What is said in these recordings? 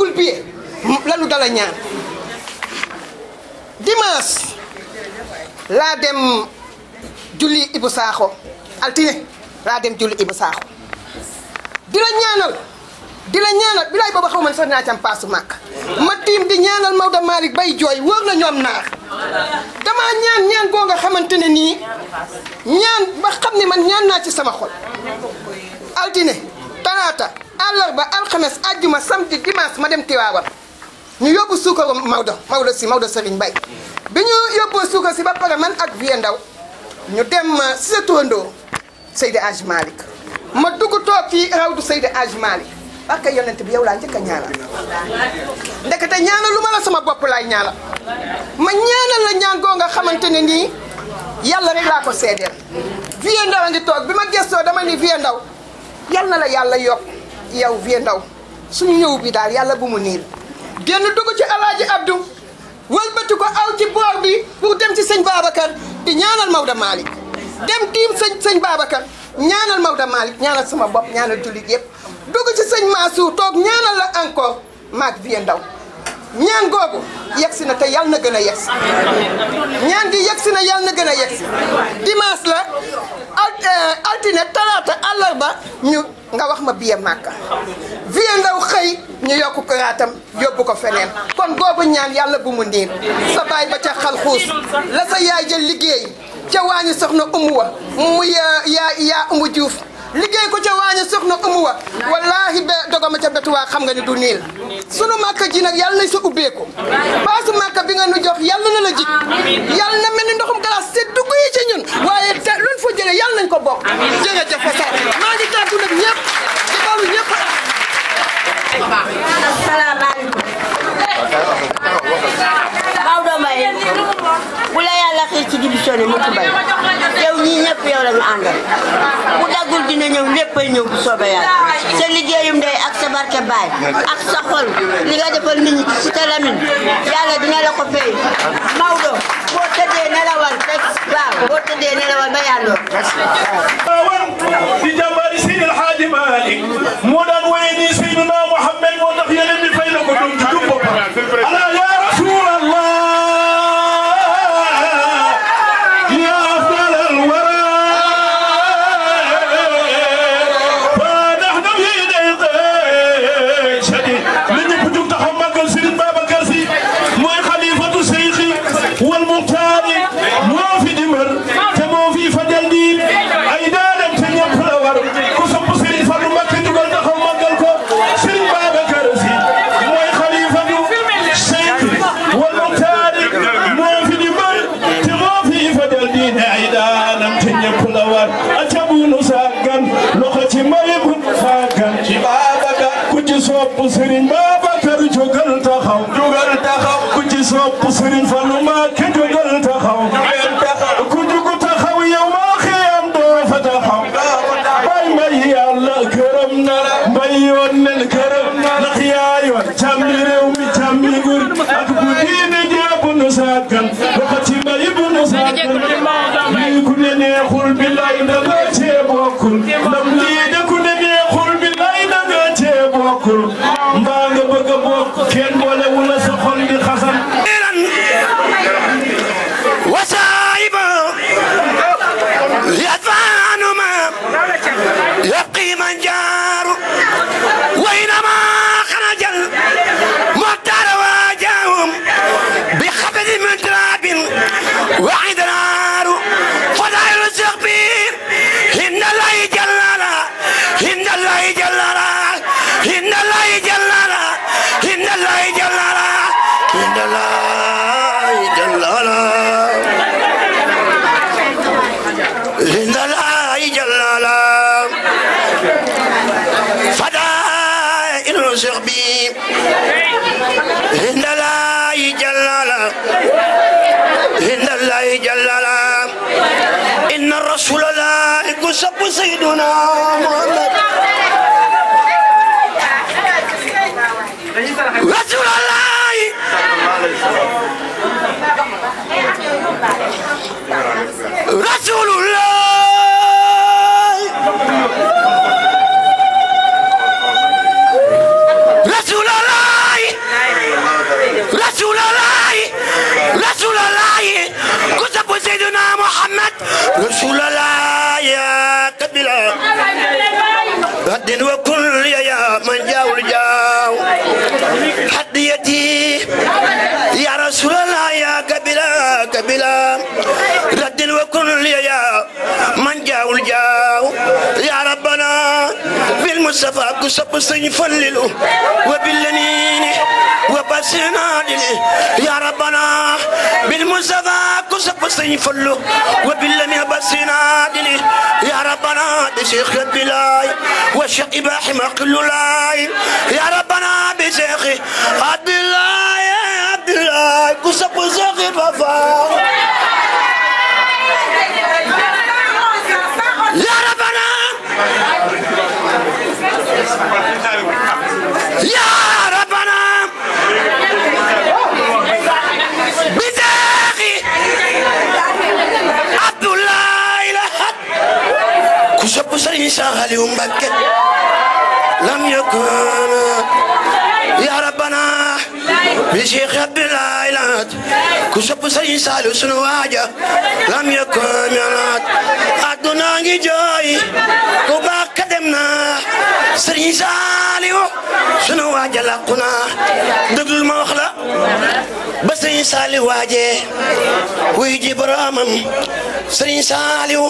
bagul billet lanu dala ñaan dimas dem julli ibu saxo altine la dem julli ibu saxo di ñaanal di ñaanal bilaay booba xaw man sa na ci am passu mak ma tim di ñaanal mawda malik bay joy woor na ñom na dama ñaan ñaan go nga xamantene ni ñaan ba xamni man ñaan na ci sama xol altine talaata Allah alxames aljuma samedi dimanche ma dem Tiwaawan ñu yobbu suko Maodo Maodo si Maodo Serigne bay biñu yobbu suko si ba pare man ak vie ndaw ñu dem euh, si sa turandoo Seydi aj malik ma dugg toog fi rawdu Seydi aj malik parce yonent bi yow la njëkk ñaala ñaanal ñaanal luma la sama bop lay ñaala ma ñaanal la ñaan go nga xamante ni yalla rek la ko sédel vie ndaw ngi tok bima gesso dama ni vie ndaw yalla la yalla yok yow vie ndaw suñu ñëw bi daal yàlla bu mu niil génn dugg ci alaaji abdu wëlbati ko aw ci boor bi pour dem ci sëñ Babacar di ñaanal Maodo Malick dem tiim sëñ sëñ Babacar ñaanal Maodo Malick ñaanal sama bopp ñaanal jullit yëpp dugg ci sëñ toog ñaanal la encore maag vie ndaw ñaan googu yegsi na te yal na gën a yegsi ñaan gi yegsi na yal na gën a yegsi dimanche la euh, altine talaata àllarba ñu nga wax ma biye màkka vie nga xëy ñu yokk ko yóbbu ko feneen kon boobu ñaan yàlla bu mu niin sa ba ca xalxuus la sa yaay jël liggéey ca waañu soxna umu wa mu yaa yaa yaa umu juuf liggéey ko ca waañu soxna umu wa wallaahi be dogoma ca betuwaa xam nga ni du niil sunu màkka ji nag yàlla na sa ubbeeku baasu màkka bi nga nu jox yàlla na la jig yàlla na mel ni ndoxum galaas te dugg ci ñun waaye te luñ fa jëlee yàlla nañ ko bokk jërëjëf fa institution mu ko bay yow ñii ñëpp yow la ñu àndal bu daggul dina ñëw léppay ñëw bu soobee yàlla sa liggéeyum ndey ak barke baay ak xol li nga defal nit ñi ci sa lamin yàlla dina la ko fay Maodo boo tëddee nelawal te waaw boo tëddee nelawal ba yàlla di jàmbaari Seydi El Hadji Malick moo daan wéy nii Seydina Mouhamed sopp Serigne Babacar jógal taxaw jógal taxaw ku ci sopp Serigne Fallou Mbacké jógal taxaw jógal taxaw ku jugu taxaw yow maa xiyam doo fa taxaw bay mbay yàlla gërëm na la mbay yoon nen gërëm na la ndax yaa yoon càmmi réew mi càmmi gur ak bu diine jaabu nu sàggan dafa ci mbay bu nu sàggan lii ku ne neexul bilaay da la cee bokkul عند الله جلالا عند الله جلالا إن الرسول لا يقصب سيدنا محمد رسول الله يا قبل غد وكل يا Mustafa ku sopp sëñ Fallilu wa billanini wa basinadil ya rabbana bil Mustafa ku sopp sëñ Fallu wa billani wa basinadil ya rabbana bi Cheikh Bilay wa Cheikh Ibrahima Qillulay ya rabbana bi Cheikh Abdullah Abdullah ku sopp Cheikh Fafa bu sëriñ Cheikh Aliou Mbacké lam yakun ya rabbana bi Cheikh Abdoulaye Laat ku sopp sëriñ Saliou sunu waaja lam yakun ya laat àdduna ngi jooy ku baax ka dem na sëriñ Saliou sunu waaja làqu na dëglul ma wax la ba sëriñ Saliou waaje wuy ji boroomam sëriñ Saaliw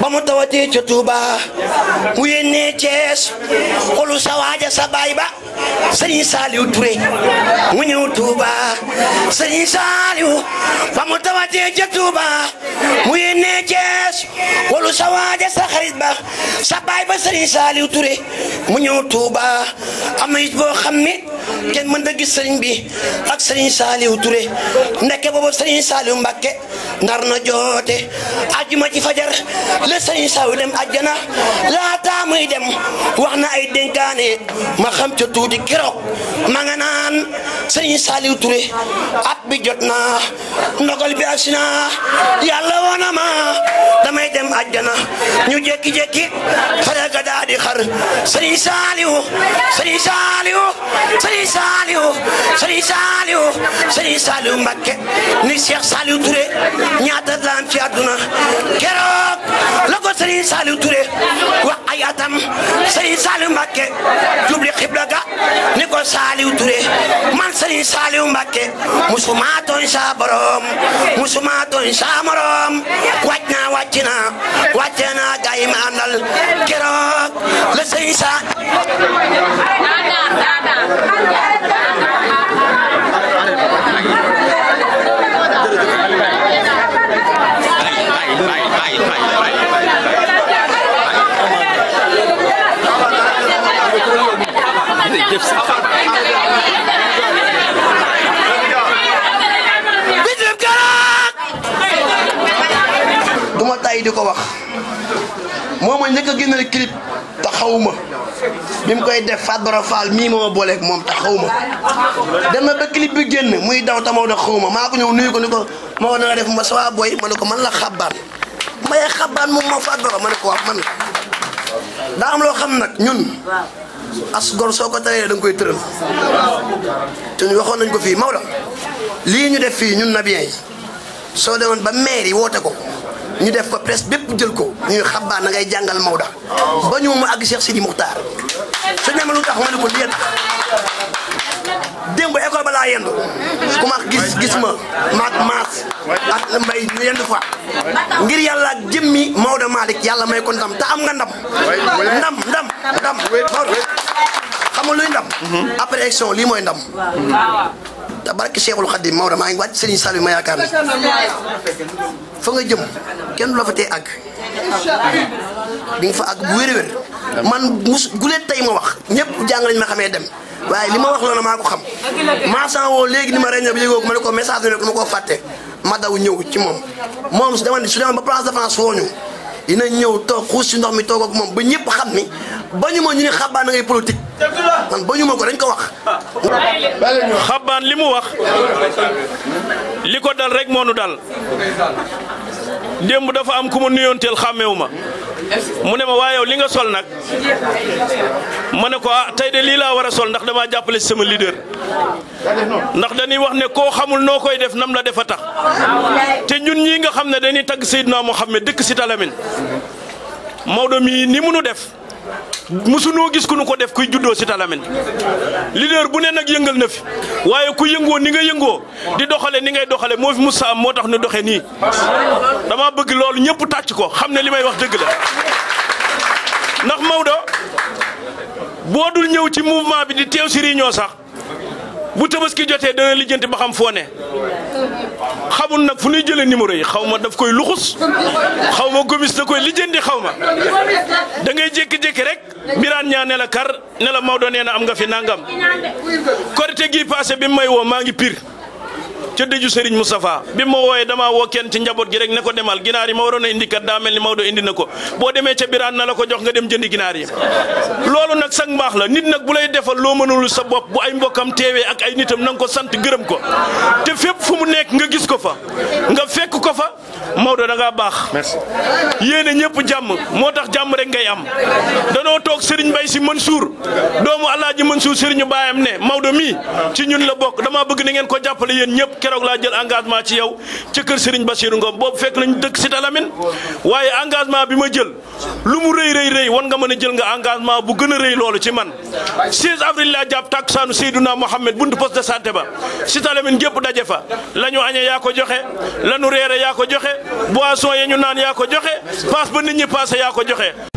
ba mu tawatee ca Tuuba mu yénnee Cees xolu sa waaja sa baay ba sëriñ Saaliw Ture mu ñëw Tuuba sëriñ Saaliw ba mu tawatee ca Tuuba mu yénnee Cees xolu sa waaja sa xarit ba sa baay ba sëriñ Saaliw Ture mu ñëw Tuuba am it boo xam ne kenn mën da gis sëriñ bi ak sëriñ Saliou Touré ndeke boobu sëriñ Saliou Mbacké nar na joote ajuma ci fajar la sëriñ Saliou dem ajjana laata muy dem wax na ay dénkaane ma xam ca tuuti keroog ma nga naan sëriñ Saliou Touré bi jot naa ndogal bi agsi naa yàlla woona ma damay dem ajjana ñu jékki-jékki fajar xar sëriñ Saliou sëriñ Saliou Serigne Saliou Serigne Saliou Serigne ni Cheikh Saliou Touré ñaata la am ci àdduna keroog la ko Serigne Saliou Touré wax ay atam Serigne Saliou Mbacké jubli xibla ga ni ko Saliou Touré man Serigne Saliou Mbacké musuma tooñ sa borom musuma tooñ sa morom wàcc naa wàcc naa wàcce naa yi di ko wax moo ma njëkk a génnal clip te xaw bi mu koy def Fadbara Fall mii moo booleeg moom te xaw ma dem na ba clip bi génn muy daw ta Maodo xaw ma maa ko ñëw nuyu ko ni ko Maodo na nga def ma sa booy ma ne ko man la xabaan maye xabaan ma ne ko wax man la daa am loo xam nag ñun as soo ko taree da nga koy tëral te ñu waxoon nañ ko fii Maodo lii ñu def fii ñun na bien yi soo demoon ba maire yi woote ko ñu def ko presse bépp jël ko ñuy xabbaa na ngay jangal mawda ba ñu mu àgg cheikh sidi muxtaar su ma lu tax ma ne ko lii tax école ba la yend ku ma gis gis ma maak maas ak mbay ñu yend fa ngir yalla ak jëmmi mawda malik yalla may ko ndam ta am nga ndam ndam ndam ndam xamul luy ndam après élection li moy ndam te cheikhul xadim mawda maa ngi wàcc sëriñ salu ma yaakaar fa nga jëm kenn du la fa tee àgg. nga fa àgg bu wér man mus guleet tey ma wax ñëpp jàng lañ ma xamee dem. waaye ni ma wax loolu maa ko xam. maasan woo léegi ni ma réunion bi yëgoo ko ma ne ko message bi ne ko ma koo fàtte ma daw ñëw ci moom moom su dama ne su dama ba place de France woo ñu dina ñëw toog xuus si ndox mi toog ak moom ba ñépp xam ni bañu ma ñu ne xabaan na ngay politique man bañu ko dañ ko wax. xabaan li mu wax li ko dal rek moo nu dal démb dafa am ku ma nuyoonteel xàmmeewu ma. mu ne ma waaye li nga sol nag ma ne ko ah tey de lii laa war a sol ndax damaa jàppale si sama leader ndax dañuy wax ne koo xamul noo koy def nam la def a tax te ñun ñii nga xam ne dañuy tagg xam Mohamed dëkk si talamin Maodo mii ni munu def. musunoo gis ku nu ko def kuy juddoo si talamin leader bu ne nag yëngal na fi waaye ku yëngoo ni nga yëngoo di doxale ni ngay doxale moo fi Moussa am moo tax nu doxee nii dama bëgg loolu ñëpp tàcc ko xam ne li may wax dëgg la ndax Maodo boo dul ñëw ci mouvement bi di teew si réunion sax bu tabaski jotee dana lijjanti ba xam foo ne xamul nag fu ñuy jëlee numéro yi xaw ma daf koy luxus xaw ma gomis da koy lijjanti xaw ma da ngay jékki-jékki rek biraan ñaa ne la kar ne la Maodo nee na am nga fi nangam korite gi passé bi may woo maa ngi piir ci deju Serigne Moustapha bi ma wooyee damaa woo kenn ci njabot gi rek ne ko demal ginaar yi ma waroon indi kat da melni mawdo indi nako ko deme ci biran biraan na la ko jox nga dem jëndi ginaar yi loolu nag sax mbaax la nit nak bu lay defal lo meunul sa bop bu ay mbokam tewe ak ay nitam nang ko sante geureum ko te fépp fu mu nek nga gis ko fa nga fekk ko fa mawdo da nga bax merci yene ñepp jam motax jam rek ngay am dano tok Serigne Mbaye ci Mansour doomu Alaaji Mansour Serigne bayam ne mawdo mi ci ñun la bok dama bëgg ni ngeen ko jappale yeen ñepp keroog laa jël engagement ci yow ca kër ba Bassirou Ngom boobu fekk nañ dëkk si talamin waaye engagement bi ma jël lu mu rëy rëy rëy wan nga mën a jël nga engagement bu gën a rëy loolu ci man 16 avril laa jàpp takkusaanu Seydouna Mohamed buntu poste de santé ba si talamin gépp daje fa la ñu añee yaa ko joxe la ñu reere yaa ko joxe boisson yi ñu naan yaa ko joxe paas ba nit ñi paase yaa ko joxe